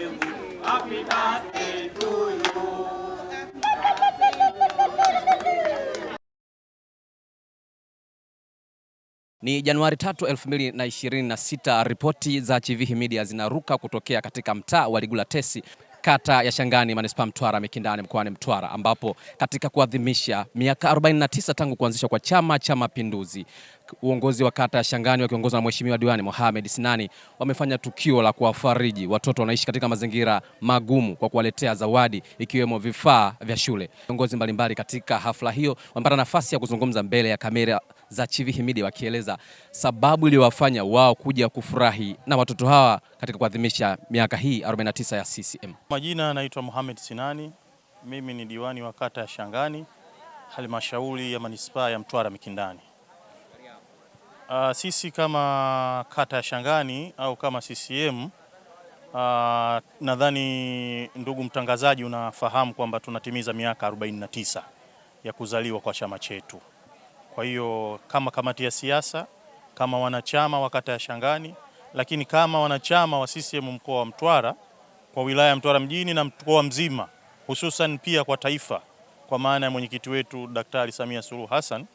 Ni Januari 3, 2026. Ripoti za Chivihi Media zinaruka kutokea katika mtaa wa Ligula Tesi kata ya Shangani manispaa Mtwara Mikindani mkoani Mtwara, ambapo katika kuadhimisha miaka 49 tangu kuanzishwa kwa Chama cha Mapinduzi, uongozi wa kata ya Shangani wakiongozwa na Mheshimiwa Diwani Mohamed Sinani wamefanya tukio la kuwafariji watoto wanaishi katika mazingira magumu kwa kuwaletea zawadi ikiwemo vifaa vya shule. Viongozi mbalimbali katika hafla hiyo wamepata nafasi ya kuzungumza mbele ya kamera za Chivihi Himidi wakieleza sababu iliyowafanya wao kuja kufurahi na watoto hawa katika kuadhimisha miaka hii 49 ya CCM. Majina anaitwa Mohamed Sinani, mimi ni diwani wa kata ya Shangani, halmashauri ya manispaa ya Mtwara Mikindani. Uh, sisi kama kata ya Shangani au kama CCM uh, ah, nadhani ndugu mtangazaji unafahamu kwamba tunatimiza miaka 49 ya kuzaliwa kwa chama chetu. Kwa hiyo kama kamati ya siasa, kama wanachama wa kata ya Shangani, lakini kama wanachama wa CCM mkoa wa Mtwara kwa wilaya ya Mtwara mjini na mkoa mzima, hususan pia kwa taifa, kwa maana ya mwenyekiti wetu Daktari Samia Suluhu Hassan,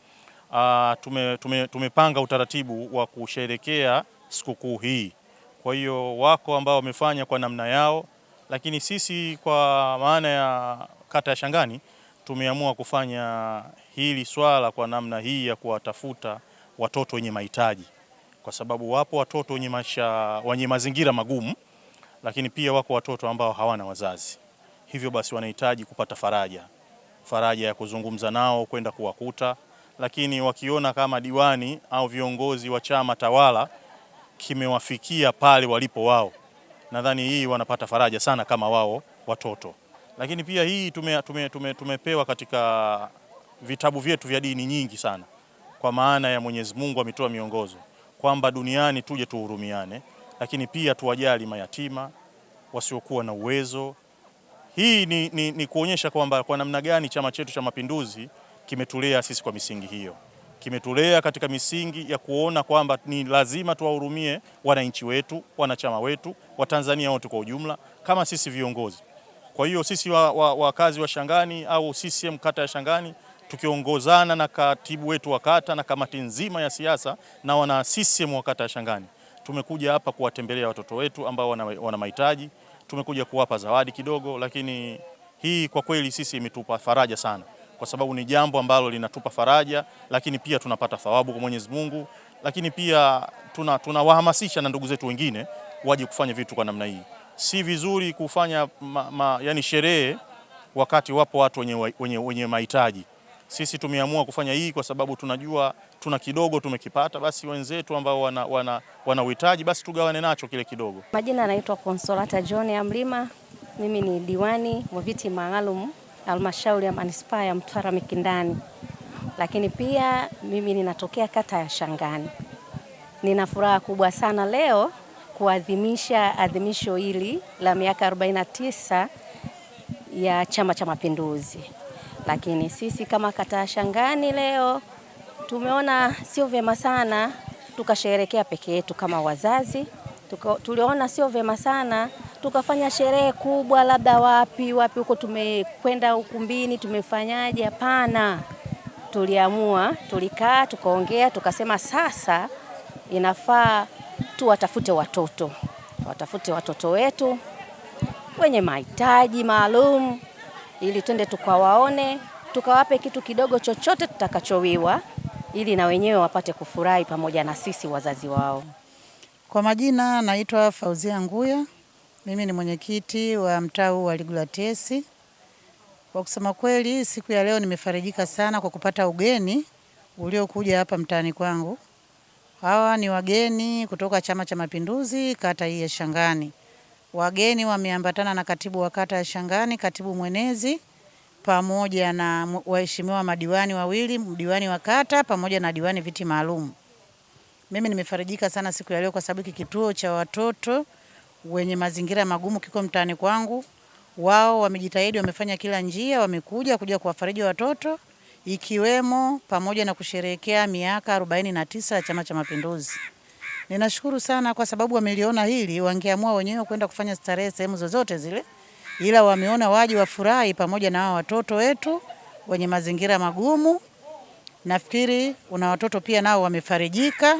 ah, tume, tume, tumepanga utaratibu wa kusherekea sikukuu hii. Kwa hiyo wako ambao wamefanya kwa namna yao, lakini sisi kwa maana ya kata ya Shangani tumeamua kufanya hili swala kwa namna hii ya kuwatafuta watoto wenye mahitaji, kwa sababu wapo watoto wenye maisha wenye mazingira magumu, lakini pia wako watoto ambao hawana wazazi, hivyo basi wanahitaji kupata faraja, faraja ya kuzungumza nao, kwenda kuwakuta, lakini wakiona kama diwani au viongozi wa chama tawala kimewafikia pale walipo wao, nadhani hii wanapata faraja sana kama wao watoto. Lakini pia hii tume, tume, tume, tumepewa katika vitabu vyetu vya dini nyingi sana, kwa maana ya Mwenyezi Mungu ametoa miongozo kwamba duniani tuje tuhurumiane, lakini pia tuwajali mayatima wasiokuwa na uwezo. Hii ni, ni, ni kuonyesha kwamba kwa namna gani chama chetu cha Mapinduzi kimetulea sisi kwa misingi hiyo, kimetulea katika misingi ya kuona kwamba ni lazima tuwahurumie wananchi wetu, wanachama wetu, Watanzania wote kwa ujumla, kama sisi viongozi. Kwa hiyo sisi wakazi wa, wa, wa Shangani au CCM kata ya Shangani tukiongozana na katibu wetu wa kata na kamati nzima ya siasa na wana CCM wa kata ya Shangani. Tumekuja hapa kuwatembelea watoto wetu ambao wana, wana mahitaji. Tumekuja kuwapa zawadi kidogo, lakini hii kwa kweli sisi imetupa faraja sana, kwa sababu ni jambo ambalo linatupa faraja, lakini pia tunapata thawabu kwa Mwenyezi Mungu, lakini pia tunawahamasisha tuna na ndugu zetu wengine waje kufanya vitu kwa namna hii. Si vizuri kufanya ma, ma, yani sherehe wakati wapo watu wenye, wenye, wenye mahitaji. Sisi tumeamua kufanya hii kwa sababu tunajua tuna kidogo tumekipata, basi wenzetu ambao wana, wana, wana uhitaji basi tugawane nacho kile kidogo. Majina anaitwa Consolata John ya Mlima, mimi ni diwani wa viti maalum halmashauri ya manispaa ya Mtwara Mikindani, lakini pia mimi ninatokea kata ya Shangani. Nina furaha kubwa sana leo kuadhimisha adhimisho hili la miaka 49 ya Chama cha Mapinduzi lakini sisi kama kata Shangani leo tumeona sio vyema sana tukasherekea peke yetu kama wazazi tuka, tuliona sio vyema sana tukafanya sherehe kubwa, labda wapi wapi huko, tumekwenda ukumbini, tumefanyaje? Hapana, tuliamua, tulikaa, tukaongea, tukasema sasa inafaa tuwatafute watoto, watafute watoto wetu wenye mahitaji maalum ili twende tukawaone, tukawape kitu kidogo chochote tutakachowiwa, ili na wenyewe wapate kufurahi pamoja na sisi wazazi wao. Kwa majina naitwa Fauzia Nguya, mimi ni mwenyekiti wa mtaa huu wa Ligulatesi. Kwa kusema kweli, siku ya leo nimefarijika sana kwa kupata ugeni uliokuja hapa mtaani kwangu. Hawa ni wageni kutoka Chama cha Mapinduzi kata hii ya Shangani. Wageni wameambatana na katibu wa kata ya Shangani, katibu mwenezi pamoja na waheshimiwa madiwani wawili, mdiwani wa kata pamoja na diwani viti maalum. Mimi nimefarijika sana siku ya leo kwa sababu kituo cha watoto wenye mazingira magumu kiko mtaani kwangu. Wao wamejitahidi, wamefanya kila njia, wamekuja kuja kuwafariji watoto ikiwemo pamoja na kusherehekea miaka 49 ya Chama cha Mapinduzi. Ninashukuru sana kwa sababu wameliona hili, wangeamua wenyewe kwenda kufanya starehe sehemu zozote zile, ila wameona waje wafurahi pamoja na watoto wetu wenye mazingira magumu. Nafikiri una watoto pia nao wamefarijika,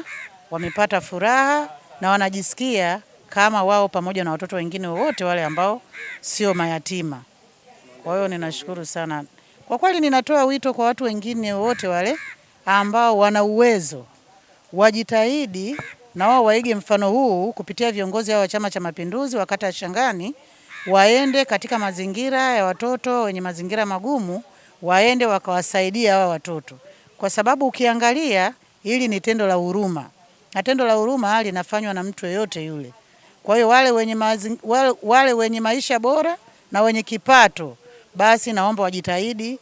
wamepata furaha na wanajisikia kama wao pamoja na watoto wengine wote wale ambao sio mayatima. Kwa hiyo ninashukuru sana. Kwa kweli ninatoa wito kwa watu wengine wote wale ambao wana uwezo wajitahidi na wao waige mfano huu kupitia viongozi hao wa Chama cha Mapinduzi wa kata ya Shangani, waende katika mazingira ya watoto wenye mazingira magumu, waende wakawasaidia hawa watoto, kwa sababu ukiangalia hili ni tendo la huruma, na tendo la huruma linafanywa na mtu yeyote yule. Kwa hiyo wale wenye mazing, wale, wale wenye maisha bora na wenye kipato, basi naomba wajitahidi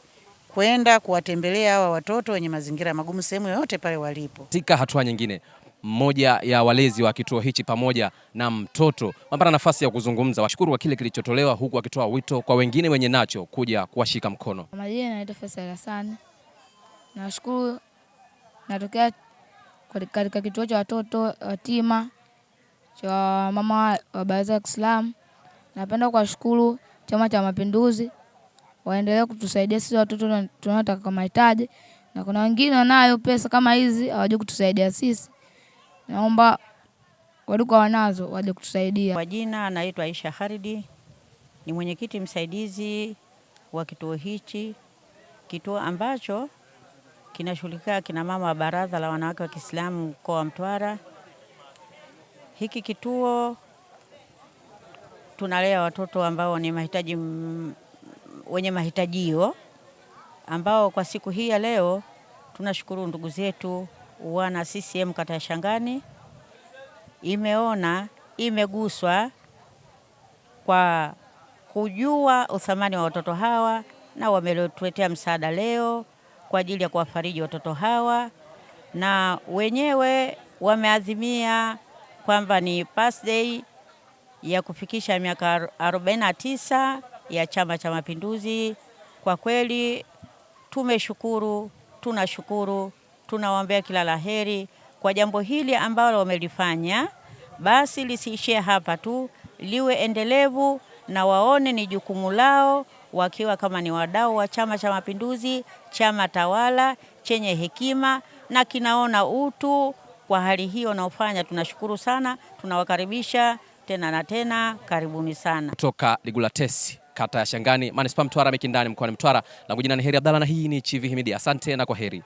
kwenda kuwatembelea hawa watoto wenye mazingira magumu sehemu yoyote pale walipo. Katika hatua nyingine mmoja ya walezi wa kituo hichi pamoja na mtoto wamepata nafasi ya kuzungumza, washukuru kwa kile kilichotolewa, huku wakitoa wito kwa wengine wenye nacho kuja kuwashika mkono. Majina naitwa Faisal Hassan, nashukuru, natokea katika kituo cha watoto yatima cha mama wa Baraza la Kiislamu. Napenda kuwashukuru Chama cha Mapinduzi, waendelee kutusaidia sisi watoto tunaotaka mahitaji, na kuna wengine wanayo pesa kama hizi hawajui kutusaidia sisi naomba walikuwa wanazo waje kutusaidia. Kwa jina anaitwa Aisha Haridi, ni mwenyekiti msaidizi wa kituo hichi, kituo ambacho kinashughulikia kina mama wa Baraza la Wanawake wa Kiislamu mkoa wa Mtwara. Hiki kituo tunalea watoto ambao ni mahitaji wenye mahitajio ambao kwa siku hii ya leo tunashukuru ndugu zetu wana CCM kata ya Shangani imeona imeguswa kwa kujua uthamani wa watoto hawa na wametuletea msaada leo kwa ajili ya kuwafariji watoto hawa, na wenyewe wameazimia kwamba ni birthday ya kufikisha miaka 49 ya Chama cha Mapinduzi. Kwa kweli tumeshukuru, tunashukuru tunawaombea kila laheri kwa jambo hili ambalo wamelifanya, basi lisiishie hapa tu, liwe endelevu na waone ni jukumu lao wakiwa kama ni wadau wa Chama cha Mapinduzi, chama tawala chenye hekima na kinaona utu. Kwa hali hiyo naofanya, tunashukuru sana, tunawakaribisha tena na tena, karibuni sana. Kutoka Ligulatesi, kata ya Shangani, manispaa Mtwara, Mikindani, mkoani Mtwara, langu jina ni Heri Abdalla na hii ni Chivihi Media. Asante na kwa heri.